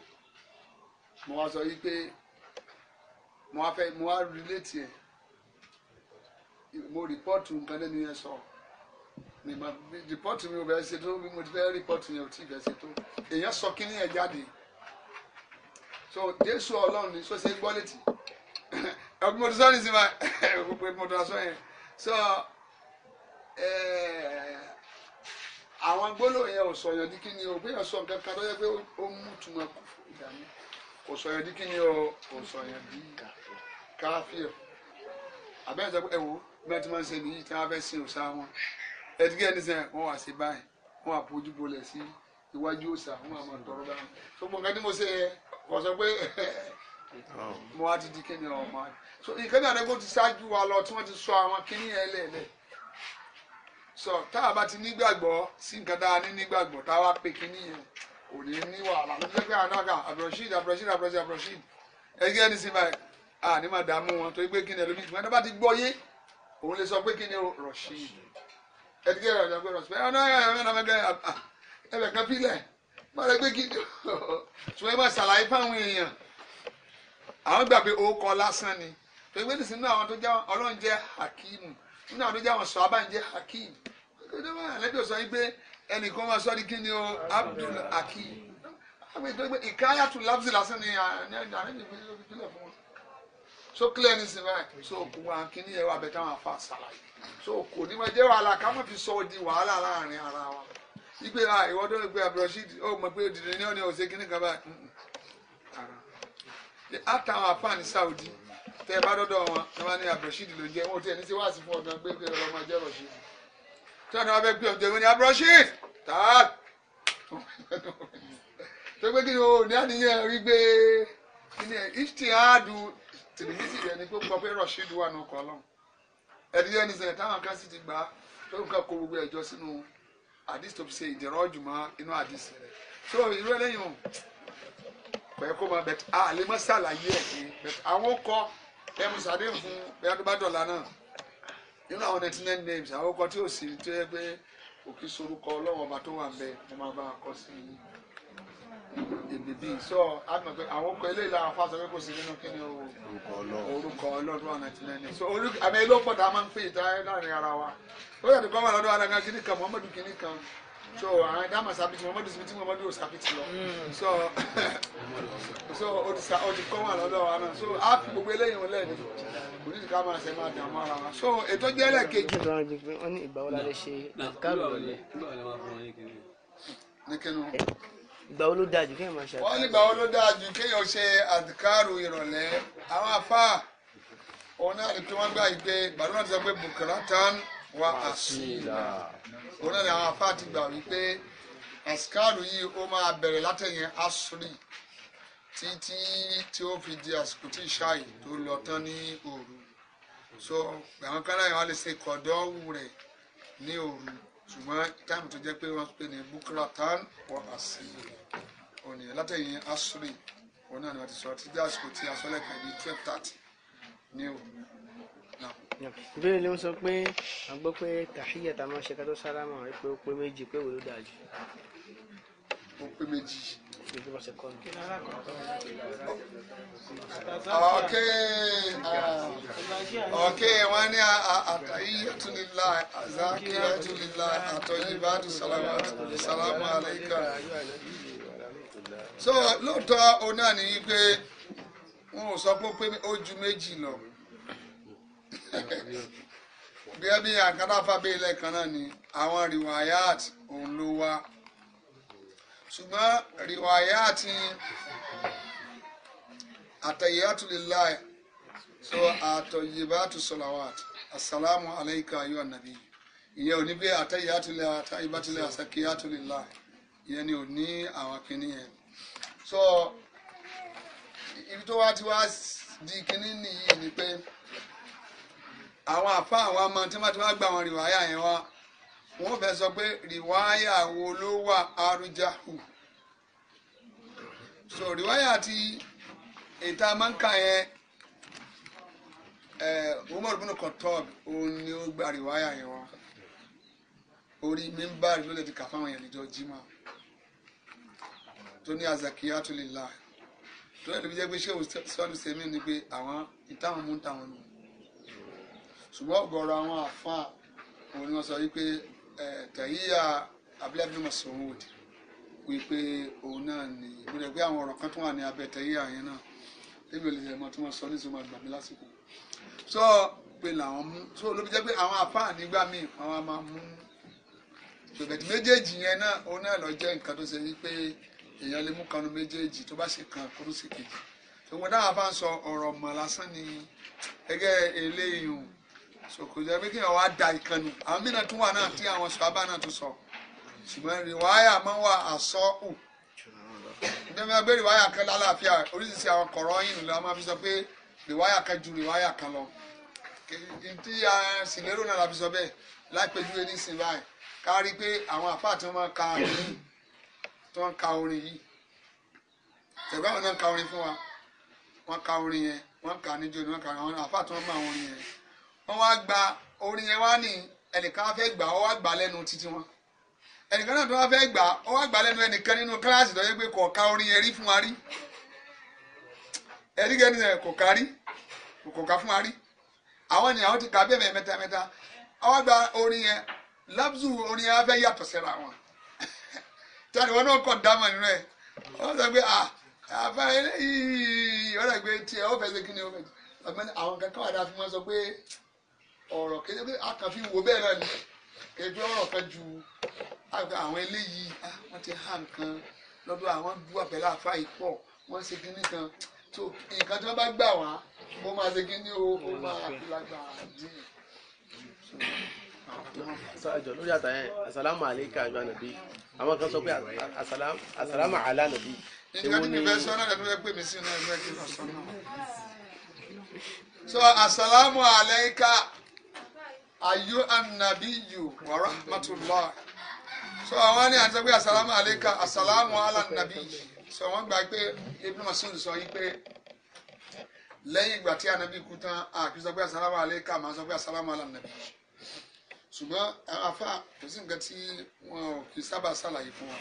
mo wá sọ wípé mo wá fẹ́ mo wá relate ẹ̀ mo rìpọ́ọ̀tù nǹkan lẹ́nu yẹn sọ̀rọ̀ ni ma report mi ò bẹ̀rẹ̀ ṣe tó bí mo ti fẹ́ rìpọ́tù yẹn ò tí ì ṣe tó èèyàn sọ kínní ẹ̀ jáde so jésù ọlọ́run ni sọ́sẹ́ gbọ́ létí [COUGHS] ọ̀gbìn mo ti sọ́ ní sí ma [COUGHS] gbogbo mo ti sọ yẹn so àwọn gbólóhùn yẹn ò sọ yẹn di kínní o gbéyàn sọ nǹkan kan tó yẹ pé ó mú tuma kú ìdààmú kò sọ yẹn di kínní o kò sọ yẹn di káfíọ̀ àbẹ́yẹ̀sọ pé ẹ̀wò bí wọ́n ti máa ń ṣe nìyí tí wọ́n fẹ́ sin òòṣà wọn ẹtùkẹ́ ẹni sẹ́yìn wọ́n wá sí báyìí wọ́n wá pojú bolẹ̀ sí iwájú òòsà wọ́n wá máa tọrọ dáhùn tó gbọ̀ngàn tí mo ṣe ẹ kò sọ pé [LAUGHS] mo wá ti di kíni ọmọ rẹ so nǹkan náà lẹ́gbọ́n ti ṣáájú wa lọ tí wọ́n ti sọ àwọn kíní yẹn lẹ́ẹ̀lẹ́ sọ tá a bá ti nígbàgbọ́ sí nǹkan tá a ní nígbàgbọ́ tá a wá pé kíní yẹn ò ní ní wàhálà ló jẹ́ pé àwọn náà kà àbúrọ̀ṣíd àbúrọ̀ṣíd àbúrọ̀ṣíd àbúrọ̀ṣíd ẹgbẹ́ ẹni sí báyìí à ní máa dààmú wọn torí pé kíni ẹlòmíì ṣùgbọ́n tá a bá ti gbọ́ yé òun lè sọ pé kíni rọ̀ṣíd ẹdíkẹ́ rẹ̀ ọ̀dọ́ gbọ́dọ̀ sùpẹ́ ọ̀nà ẹ̀rọ ẹ̀rọ ẹ̀rọ kan fílẹ̀ máa lọ gbé gidi ṣùgbọ́n ẹ máa ṣàlàyé fáwọn èèyàn àwọn gbà pé orúkọ lásán ni pẹ̀lú nísìnyí nínú àwọn tó jẹ́ ọlọ́run jẹ́ hakeem nínú àwọn tó jẹ́ àwọn sọ̀rọ̀ abáyé jẹ́ hakeem lẹ́bí ò sọ yí pé ẹnìkan máa sọ ní kí ni o Abdul Hakeem ìkáyàtú lábùsì lásán ni àná ìdánilẹ́bí so clear ní sinmi báyìí so kò wá kíní yẹn wà bẹ káwọn afa ṣàlàyé so kò ní ma jẹ wàhálà ká má fi sọ ọ di wàhálà láàrin ara wa igbe a ah, ìwọ tó ń gbé abrọsíìdì ó mọ pé òdìdí ní ọ̀nà ọ̀sẹ̀ kíní kan báyìí àtàwọn afa ní Saudi tẹ ẹ bá dọdọ wọn ẹ máa ní abrọsíìdì ló jẹ wọn ò tiẹ̀ ní sí wáàsí fún ọgbọn pé kí ọlọmọ jẹ rọṣíìdì tí wọn ní wọn bẹ gbé ọjọ́ ìwé ní abrọsíìdì tààt [LAUGHS] tó gbé kí o ní àníyàn rí gbé kí ni ìṣtìhádùn tìrìmìsì yẹn ni pé gbọ́ pé rasheed wà ní ọkọ̀ ọlọ́run ẹni yẹn ni sẹ́yìn táwọn kan sì ti gbà tó nǹkan kó gbogbo ẹ̀jọ́ sínú àdìs tó fi ṣe ìdẹ̀rọ̀ jùmọ̀ inú àdìs rẹ̀ so irú ẹlẹ́yìn o pẹ̀ kó mọ bẹ̀t a lè mọ sàlàyé ẹ̀ ní bẹ̀t àwọn kọ ẹmu sàdé fún bẹ́ẹ̀ tó bá dọ̀la náà nínú àwọn ninety nine names àwọn kọ tí ò sí tó yẹ pé òkè sorúkọ ọlọ́wọ́ ọba tó wà ń bẹ mo máa bá a kọ sí i ìbìbí so àmọ́ pé àwọn ọkọ eléyìí làwọn afa sọ pé kò sí nínú kí ni orúkọ ọlọ́dún àná ti náà ni so orúkọ àmì ẹlò pọ̀ dá máa ń pè é láàrin ara wa ó yàtọ̀ kọ́ wà lọ́dún ara kan kíní kan Muhammadu kíní kan so àwọn dáhùn àṣàbìtì Muhammadu sibiti Muhammadu òṣàbìtì lọ hmm. so [LAUGHS] so o ti kọ́ wà lọ́dún ara náà so a fi gbogbo eléyìí wọn lẹ́yìn oníṣẹ́ ká máa ṣe máa dààmú ara wa so ètò jẹ́ ẹlẹ́ẹ̀kejì. ní kí ni ìgbà wo ló dáa jù kéèyàn máa ṣe. wọ́n ní ìgbà wo ló dáa jù kéèyàn ṣe àdìkárù ìrọ̀lẹ́ àwọn àfáà òun náà tó wọ́n gbà yìí pé ti sọ pé bukratan wa asila òun náà ni àwọn àfáà ti gbà wípé àsìkárù yìí ó máa bẹ̀rẹ̀ látẹ̀yìn asri títí tí ó fi di àsìkò tí ìṣáì tó lọ tán ní òru so àwọn kan náà yẹn wọ́n lè ṣe kọ̀dọ́wù rẹ̀ ní òru ṣùgbọ́n táìmù tó jẹ́ pé wọ́n pè ní bukratan wọ́n àṣìlè òní látẹ̀yìn asri òun náà ni wọ́n ti sọ títí àsìkò tí asọ́lẹ̀ kan ní twelve thirty ní òun ìbéèrè ló ń sọ pé a gbọ́ pé tàhíyà tá a máa ṣe ká tó sálámà rẹ pé ó pé méjì pé wò ló dáa ó pé méjì. Okay, uh, okay, wọ́n ní uh, uh, àtàyíyàtúlélá àzákìyàtúlélá àtọ̀yìnbádùn sàlámù àlẹ́kà. So lóòótọ́ òun náà ní pé wọn ò sọ pé pé ó ju méjì lọ. Bí ẹbí àkàdáfà bí ilẹ̀ kan náà ni àwọn rìwàyàt òun ló wá ṣùgbọ́n rìwáyà àti àtẹ̀yẹ́tù lè láì so àtọ̀yẹ́bàtù sọ̀làwàt asalaamu alaykum, ayo anabi ìyẹn ò ní bí àtẹ̀yẹ́tù lè àtẹ̀yẹ́bàtù lè àsàkíyàtù lè láì ìyẹn ni ò àwọn kìíní yẹn so ibi tó wá ti wá di kìíní nìyí ni pé àwọn àfa àwọn ọmọ tí wọ́n ti wá gba àwọn rìwáyà yẹn wá wọ́n fẹ́ sọ pé rìwáyà wo ló wà arújáhù so rìwáyà ti ètò amáǹkà yẹn ẹ Umar bin Khattab òun ni ó gba rìwáyà yẹn wá orí mímbàrí ló lè fi kà fáwọn yẹn lè jimá tó ní azakiyatu lillah tó lè fi jẹ́ pé ṣéwù sọ́ọ́lù sẹ́mi ni pé àwọn ìtàwọn mú táwọn nù ṣùgbọ́n ọ̀gọ̀rọ̀ àwọn àfa òun ni wọ́n sọ wípé Eh, tẹ̀yíyà Abdullahi bin Mas'ud wípé òun náà ni mo rẹ̀ pé àwọn ọ̀rọ̀ kan tó wà ní abẹ́ tẹ̀yíyà yẹn náà èmi ò lè mọ̀ tí wọ́n sọ ní sọ́mọ́ àgbà lásìkò so pé làwọn mú so ló fi jẹ́ pé àwọn àfáà nígbà míì àwọn máa mú gbẹ̀gbẹ̀tì méjèèjì yẹn náà òun náà lọ jẹ́ nǹkan tó ṣe wípé èèyàn lè mú kanu méjèèjì tó bá ṣe kan kó tó ṣe kejì ṣùgbọ́n táwọn afáà ń sọ ọ̀rọ̀ mọ̀ lásán ni gẹ́gẹ́ eléyìí so kò jẹ́ pé kí wọ́n wá da ìkànnì àwọn mìíràn tún wà náà tí àwọn sọ́ábà náà tún sọ ṣùgbọ́n rìwáyà máa ń wà àsọ ù ìdẹ́mẹ́ gbé rìwáyà kan lálàáfíà oríṣiríṣi àwọn kọ̀rọ̀ yìí nìlọ máa fi sọ pé rìwáyà kan ju rìwáyà kan lọ tí a sì lérò náà la fi sọ bẹ́ẹ̀ láìpẹ́jú ẹni sìn báyìí ká rí i pé àwọn àfáà tí wọ́n máa ka orin yìí tí wọ́n ka orin yìí tẹ̀gbọ́n àwọn náà ka orin fún wa wọ́n ka orin yẹn wọ́n ka níjó ni wọ́n ka àwọn àfáà tí wọ́n máa orin yẹn wọ́n wá gba orin yẹn wá ní ẹnìkan fẹ́ gbà ó wá gbà lẹ́nu títí wọn ẹnìkan náà tó wá fẹ́ gbà ó wá gbà lẹ́nu ẹnìkan nínú kíláàsì tó yẹ pé kò ka orin yẹn rí fún wa rí ẹni kẹ́ni kò ka rí kò ka fún wa rí àwọn ènìyàn ó ti kà bẹ́ẹ̀ mẹ́ta mẹ́ta ó wá gba orin yẹn lábùsù orin yẹn wá fẹ́ yàtọ̀ síra wọn tí a ní wọn náà kọ̀ dámọ̀ nínú ẹ̀ wọ́n sọ pé ah àbá eléyìí wọ́n dàgbé tiẹ̀ ó fẹ́ ṣe kí ni ó fẹ́ ṣe àwọn kankan wà dáa fún wọn sọ pé ọ̀rọ̀ kéde pé a kàn fi wo bẹ́ẹ̀ náà ni kéde ọ̀rọ̀ kan ju àwọn eléyìí wọ́n ti hàn kan lọ́dọ̀ àwọn bú àpẹẹrẹ àfa ìpọ̀ wọ́n ṣe kínní kan tó nǹkan tí wọ́n bá gbà wá ó máa ṣe kínní o ó máa fi lágbára díì. sáájọ lórí àtàyẹ asalaamu aleyka ajo anabi àwọn kan sọ pé asalaamu ala anabi. ìjọba ní ìfẹ́ sọ náà lẹ́nu ẹgbẹ́ mi sí náà ẹgbẹ́ kí n sọ náà. so asalaamu aleyka ayú anabiyu wa rahmatullah so àwọn ní àti sọ pé asalaamu aleyka asalaamu ala nabi so wọ́n gbà pé Ibn Mas'ud sọ yìí pé lẹ́yìn ìgbà tí anabi kú tán àti sọ pé asalaamu aleyka màá sọ pé asalaamu ala nabi ṣùgbọ́n afa kò sí nǹkan tí wọn ò kì í sábà ṣàlàyé fún wa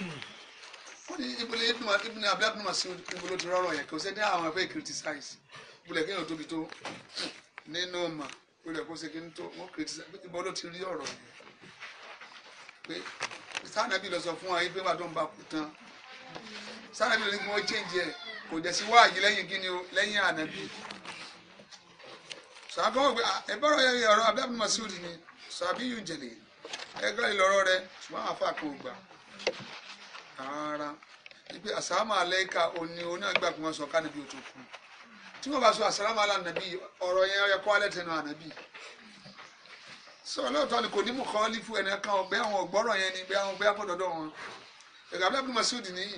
wọ́n ní ibùdó ibùdó abúlé Ibn Mas'ud ibùdó ti rọrọ yẹn kò sí ní àwọn ẹgbẹ́ criticize ibùdó kí ni o tóbi tó nínú mọ̀ ó lè kó segin tó wọn kìrìtìsẹ ibo ló ti rí ọ̀rọ̀ yìí pé sànàbí lọ sọ fún wa yìí pé wàá tó ń bá kú tán sànàbí lọ sí wọn chéǹjì ẹ kò jẹ sí wáàyí lẹ́yìn kí ni o lẹ́yìn ànàbí sàbí wọn gbé ẹbọrọ yẹn ọ̀rọ̀ abdul masud ni sàbí yìí jẹlẹ ẹgbẹ ìlọrọ rẹ ṣùgbọ́n àfa kò gbà rárá ibi àsámà alẹ́ òní oní sọ ká òtò kù tí wọ́n bá sọ àsàlámù àlà nabi. ọ̀rọ̀ yẹn ọ̀yẹ́ kọ́ alẹ́ tẹnu ànàbí sọ lóòótọ́ ni kò ní mú kàn lífu ẹ̀nà kan ọ̀bẹ àwọn ọ̀gbọ́rọ̀ yẹn ni bẹ́ àwọn ọ̀bẹ akọ̀dọ̀dọ̀ wọn ẹ̀gá bẹ́ẹ̀ bí Masudi nìyí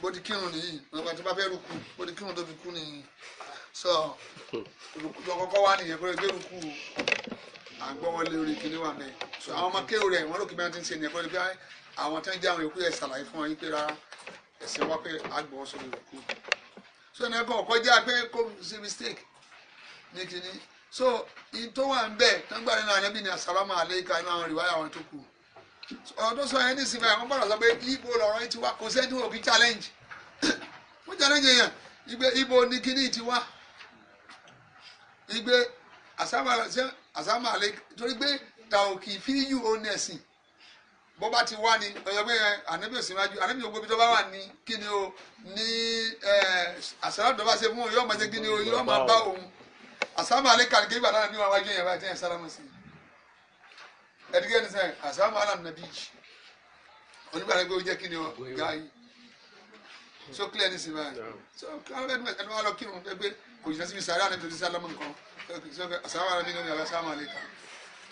bodi kírun nìyí ọ̀gbà tó bá fẹ́ rúkú bodi kírun tó fi kú nìyí sọ rúkú tó kọ́kọ́ wá nìyẹn kó lè gbé rúkú àgbọ̀wọlé orí kìíní wà mẹ́ sọ àwọn ọmọ kéwòn rẹ̀ wọ́n lókè bí wọ́n ti ń so ní ẹkọ kọjá pé kò sí mistake ní kínní so in tó wà ń bẹ tó ń gbà nínú àyẹ̀bí ni asalama aleika inú àwọn rìwáyà wọn tó kù ọ̀rọ̀ tó sọ yẹn ní ìsinmi àwọn bọ̀dọ̀ sọ pé ibo lọ̀rọ̀ yìí ti wá kò sẹ́ni òbí challenge [COUGHS] wọ́n challenge yẹn igbe ibo ní kínní ti wá igbe asama aleika torí pé tàòkì fíyù ó nẹ̀sìn bó bá ti wá ni ọ̀yọ́ pé eh, ànábì òsínwájú ànábì ògbó bí tó bá wà ní kí ni o ní eh, àṣàrà tó bá ṣe fún òun yóò máa ṣe kí ni o yóò máa bá òun àṣàmù alẹ́ kàlí kí ìbàdàn àbí wọn wájú yẹn báyìí tẹ́yìn sálámù sí i ẹ̀dígẹ́ ni sẹ́yìn àṣàmù alẹ́ nàbí jì onígbàdàn pé ó jẹ́ kí ni o gáyì so clear ní sinmi báyìí so káwọn ẹni ẹni wọn lọ kírun ẹgbẹ́ kò jìnnà síbi sàrẹ́ àná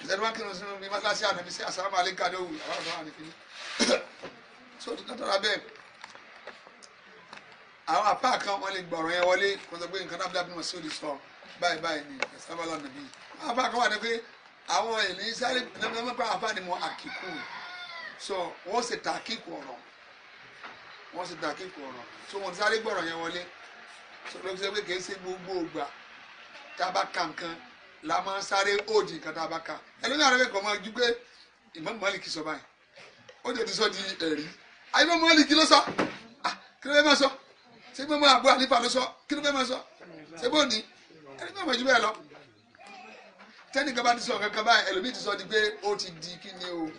ìṣẹ́ni máa kírun sínú bí mọ́sálásí àná mi sí àsámà àlékà ní àwọn àwọn àníkí ní. so látara bẹ́ẹ̀ àwọn apá kan wọ́n lè gbọ̀rọ̀ yẹn wọlé kó sọ pé nǹkan náà bíláàbí mọ̀ sí òdì sọ báyìí báyìí ni ìsábàlá nàbí. àwọn apá kan wà ní pé àwọn èlé sáré nípa apá ni mo àkíkù so wọ́n sì ta àkíkù ọ̀rọ̀ wọ́n sì ta àkíkù ọ̀rọ̀ so wọ́n sáré gbọ̀rọ̀ yẹn wọlé so lókè sẹ́ pé kì í ṣe gbogbo ògbà tá a la máa ń sáré òdì nǹkan tá a bá kà ẹlòmíràn rẹ kọ̀ máa ju pé Imam Malik sọ báyìí ó jẹ́ ti sọ di ẹ̀rí ayé ah, Imam ló sọ ah, kí ló fẹ́ máa sọ ṣé Imam Abu Hanifa ló sọ kí ló fẹ́ máa sọ ṣé bó ni ẹlòmíràn mọ̀ ju bẹ́ẹ̀ lọ tẹ́nìkan bá ti sọ kankan báyìí ẹlòmíràn ti sọ di pé ó ti di kí ni o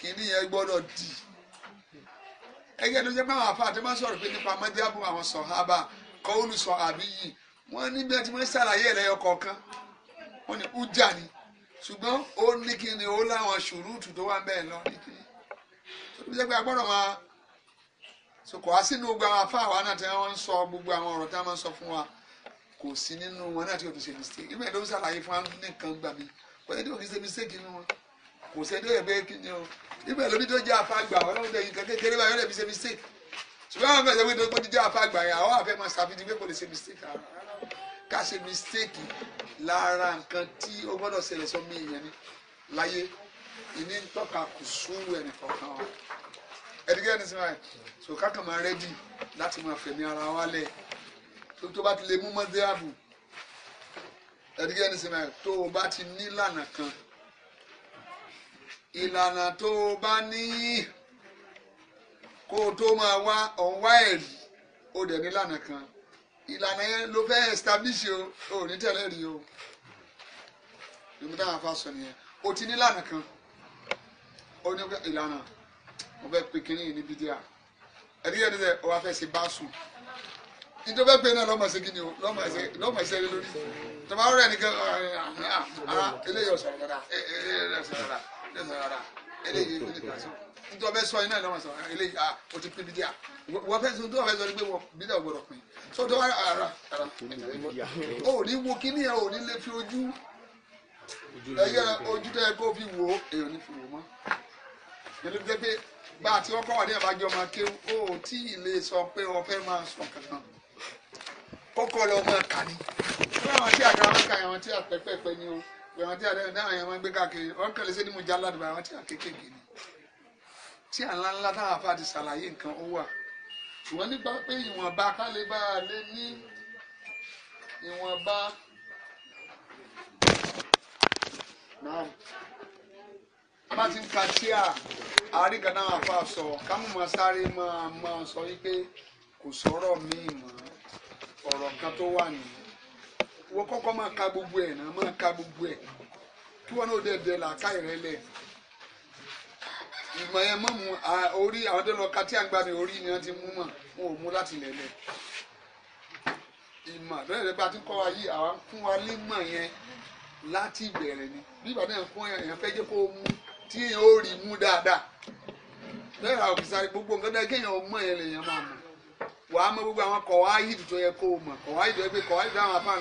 kí ni yẹn gbọ́dọ̀ di ẹgbẹ́ ló jẹ́ pé àwọn afa àti máa sọ̀rọ̀ pé nípa mọ́jábù àwọn sọ̀hábà kọ́ọ̀lù sọ̀hábì yìí wọ́n níbi ẹtí wọ́n ṣàlàyé ó ní ujà ni ṣùgbọ́n ó ní kí ni ó láwọn ṣùrùtù tó wà bẹ́ẹ̀ lọ ní kí tó tó jẹ́ pé a gbọ́dọ̀ máa sọkọ̀ á sínú gbogbo àwọn afáàwá náà tí wọ́n ń sọ gbogbo àwọn ọ̀rọ̀ tí wọ́n máa ń sọ fún wa kò sí nínú wọn náà tí o fi ṣe mistake ibẹ̀ ló ń ṣàlàyé fún wa nìkan gbà mí kò sí tí o fi ṣe mistake nínú wọn kò sí ẹjọ́ yẹn bẹ́ẹ̀ kí ni o ibẹ̀ lóbi tó jẹ́ afáàgbà ọlọ́run tẹ̀yìn kan kékeré báyọ̀ lè fi ṣe mistake ṣùgbọ́n àwọn afẹ́ sọ pé tó jẹ́ afáàgbà yẹn àwọn afẹ́ máa ṣàfihàn pé kò lè ṣe mistake rárá ká ṣe mistake lára nǹkan tí ó gbọ́dọ̀ ṣẹlẹ̀ sọmọ èèyàn ni láyé ìní ń tọ́ka kù sùúrù ẹnì kọ̀ọ̀kan wa ẹ̀dígẹ́ ní sinmi so kákan máa rẹ́dì láti máa fẹ̀mí ara wa lẹ̀ tó tó bá ti lè mú mọ́déàbù ẹ̀dígẹ́ ní sinmi tó o bá ti ní ìlànà kan ìlànà tó o bá ní kó o tó máa wá ọ̀n wá ẹ̀rí o dẹ̀ ní ìlànà kan ìlànà yẹn ló fẹ́ establish o ò ní tẹ̀lé rí o ìlú táwọn afa sọ nìyẹn o ti ní ìlànà kan ó ní ìlànà mo fẹ́ pe kínní yìí níbi díà ẹ̀rí ẹ̀rí rẹ̀ ọ wá fẹ́ ṣe báṣu nítorí bẹ́ẹ̀ pé náà lọ́mọ ṣe kí ni o lọ́mọ ṣe lọ́mọ ṣe lórí tọ́ba rẹ̀ nìkan ara eléyìí ọ̀sán dáadáa eléyìí ọ̀sán dáadáa eléyìí ọ̀sán dáadáa eléyìí ọ̀sán dáadáa nítorí ọbẹ̀ sọ iná ìdáhùn sọ ah, eléyìí ah o ti pin bidia wọ́n fẹ́ sọ nítorí ọbẹ̀ sọ ni wọ́n bídíà ò gbọ́dọ̀ pin so tó ah, ara ara o ò ní wo kíní yẹn o ò ní lè fi ojú ẹyẹ ojú tẹ kó fi wo èèyàn ní fi wò mọ́ yẹn ló fi jẹ́ pé bá a ti wọ́n kọ́ wà ní àbájọ máa kéwù o ò tí ì lè sọ pé wọ́n fẹ́ máa sọ kankan kókó lọ máa kà ní fún àwọn tí àgbà máa ka àwọn tí àpẹ́pẹ́pẹ́ ni o àwọn tí àdáyọ̀ náà yẹn máa gbé káàkiri wọ́n kàn lè mo já ládùúgbò àwọn tí àkékèké ni tí à ńlá ńlá táwọn afáàdì ṣàlàyé nǹkan ó wà ṣùgbọ́n nígbà pé ìwọ̀nba kálíbà lé ní ìwọ̀nba náà bá ti ń ka tí à àríkà náà àfa sọ kámúmọ sáré máa máa sọ wípé kò sọ̀rọ̀ míì mọ́ ọ̀rọ̀ kan tó wà nìyí wọ́n kọ́kọ́ máa ka gbogbo ẹ̀ náà máa ka gbogbo ẹ̀ kí wọ́n náà dẹ̀ dẹ̀ làákàyè rẹ ìmọ̀ yẹn mọ̀ mú orí àwọn tó lọ ka tí à ń gbà ní orí ni wọ́n ti mú mọ̀ wọn ò mú láti lẹ̀ lẹ̀ ìmọ̀ lọ́yẹ̀ lẹ́gbàá tí ń kọ́ wa yìí àwa fún wa límọ̀ yẹn láti ìbẹ̀rẹ̀ ni bí ìbàdàn yẹn fún yẹn fẹ́ jẹ́ kó o mú tí yẹn ó rí mú dáadáa lẹ́yìn àwọn òkìsàrí gbogbo nǹkan dáa kéèyàn ó mọ̀ yẹn lèèyàn máa mọ̀ wàá mọ̀ gbogbo àwọn kọ̀ wá yìí tó yẹ kó o mọ̀ kọ̀ wá yìí tó yẹ kọ̀ wá yìí tó àwọn afáàn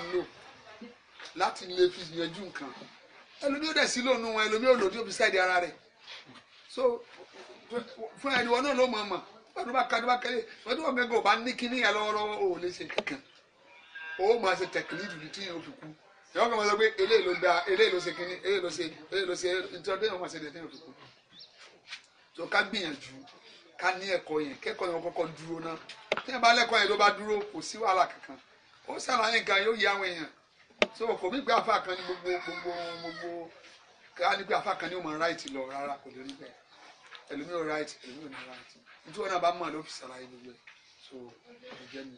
láti lè fi yanjú nǹkan ẹlòmíì ó dẹ̀ sí lónú wọn ẹlòmíì ó lòdì òbí sáìdì ara rẹ̀ so fún ẹni wọn náà ló mọ̀ mọ̀ ọdún bá kadú bá kẹ́lé ọdún wọn gbẹ́ngàn ọba ní kíní yà lọ́wọ́lọ́wọ́ ò lè ṣe kankan ó máa ṣe tẹ̀kílíìdì ní tí yóò fi kú ìyá ọkọ máa sọ pé eléyìí ló gba eléyìí ló ṣe kíní eléyìí ló ṣe eléyìí ló ṣe nítorí wọn máa ṣe tẹ̀kílíìdì yóò fi kú so ká gbìyànjú ká ní ẹ̀kọ́ yẹn kẹ́kọ̀ọ́ yẹn kọ́kọ́ dúró náà tí yẹn bá lẹ́kọ̀ọ́ yẹn ló bá dúró kò sí wàhálà kankan ó ṣàlàyé nǹkan yóò yí àwọn èèyàn so kò mí gbé àfa kan ní gbogbo gbogbo gbogbo ká ní pé afa kan ní o máa right lọ rárá kò lè rí bẹ́ẹ̀ ẹlòmíì ò right ẹlòmíì ò ní right nítorí wọn náà bá mọ àlọ́ fi sàlàyé gbogbo ẹ̀ so ẹ jẹ́ mi.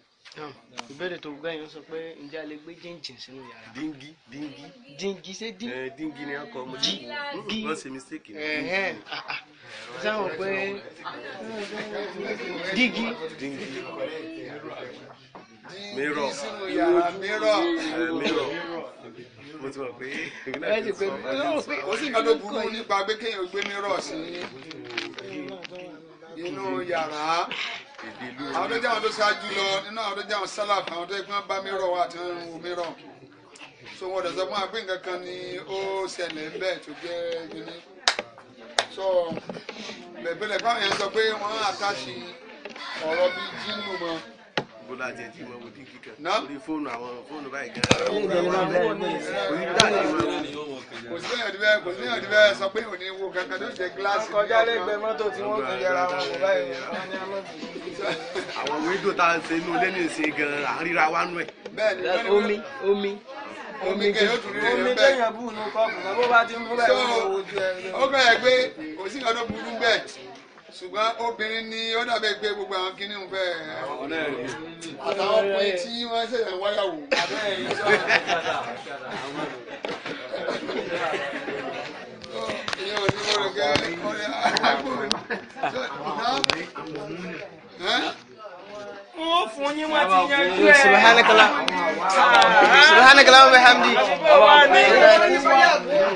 ìbéèrè tó gbẹ̀yìn sọ pé ǹjẹ́ a lè gbé jíǹjìn sínú yàrá. díngí díngí. díngí ṣé dín. ẹ díngí ni ọkọ mo jí gí wọn ṣe mistake ni. sáwọn pé díngí. díngí mìíràn mìíràn mìíràn mo ti mọ̀ pé èmi náà ti sọ ó sì nǹkan tó burú nípa pé kéèyàn gbé mírọ̀ sí inú yàrá àwọn tó jẹ́ tó ṣáájú lọ nínú àwọn tó jẹ́ àwọn àwọn tó yẹ kí wọ́n bá mírọ̀ wà tí wọ́n ń wo mírọ̀ so wọn dẹ̀ sọ fún wa pé nǹkan kan ni ó ṣẹlẹ̀ ń tó jẹ́ gidi so bẹ̀bẹ̀lẹ̀ fáwọn yẹn sọ pé wọ́n àtàṣì ọ̀rọ̀ bíi jínú mọ́ gbogbo láti ẹtí ìmọ̀ òdì kíkan lórí fóònù àwọn fóònù báyìí gan. kò sí èèyàn níbẹ̀ kò sí èèyàn níbẹ̀ sọ pé òní wo kankan tó ṣe gíláàsì. akọjá lẹ́gbẹ̀ẹ́ mọ́tò tí wọ́n kò yẹra wọn kò báyìí àwọn wíńdò tá a ṣe inú ilé ní ìsìn gan àríra wa nù ẹ. bẹ́ẹ̀ni omi omi omi kẹyàn bù nù náà bó bá ti ń fún bẹ́ẹ̀ ló ó bẹ̀rẹ̀ pé kò sí ìyọ̀dọ̀ burú bẹ́ẹ̀ ṣùgbọ́n obìnrin ni ó dàbẹ̀ gbé gbogbo àwọn kìíní ń fẹ́ àtàwọn ọkùnrin tí wọ́n ṣe ń wáyà wò. ìyẹn ò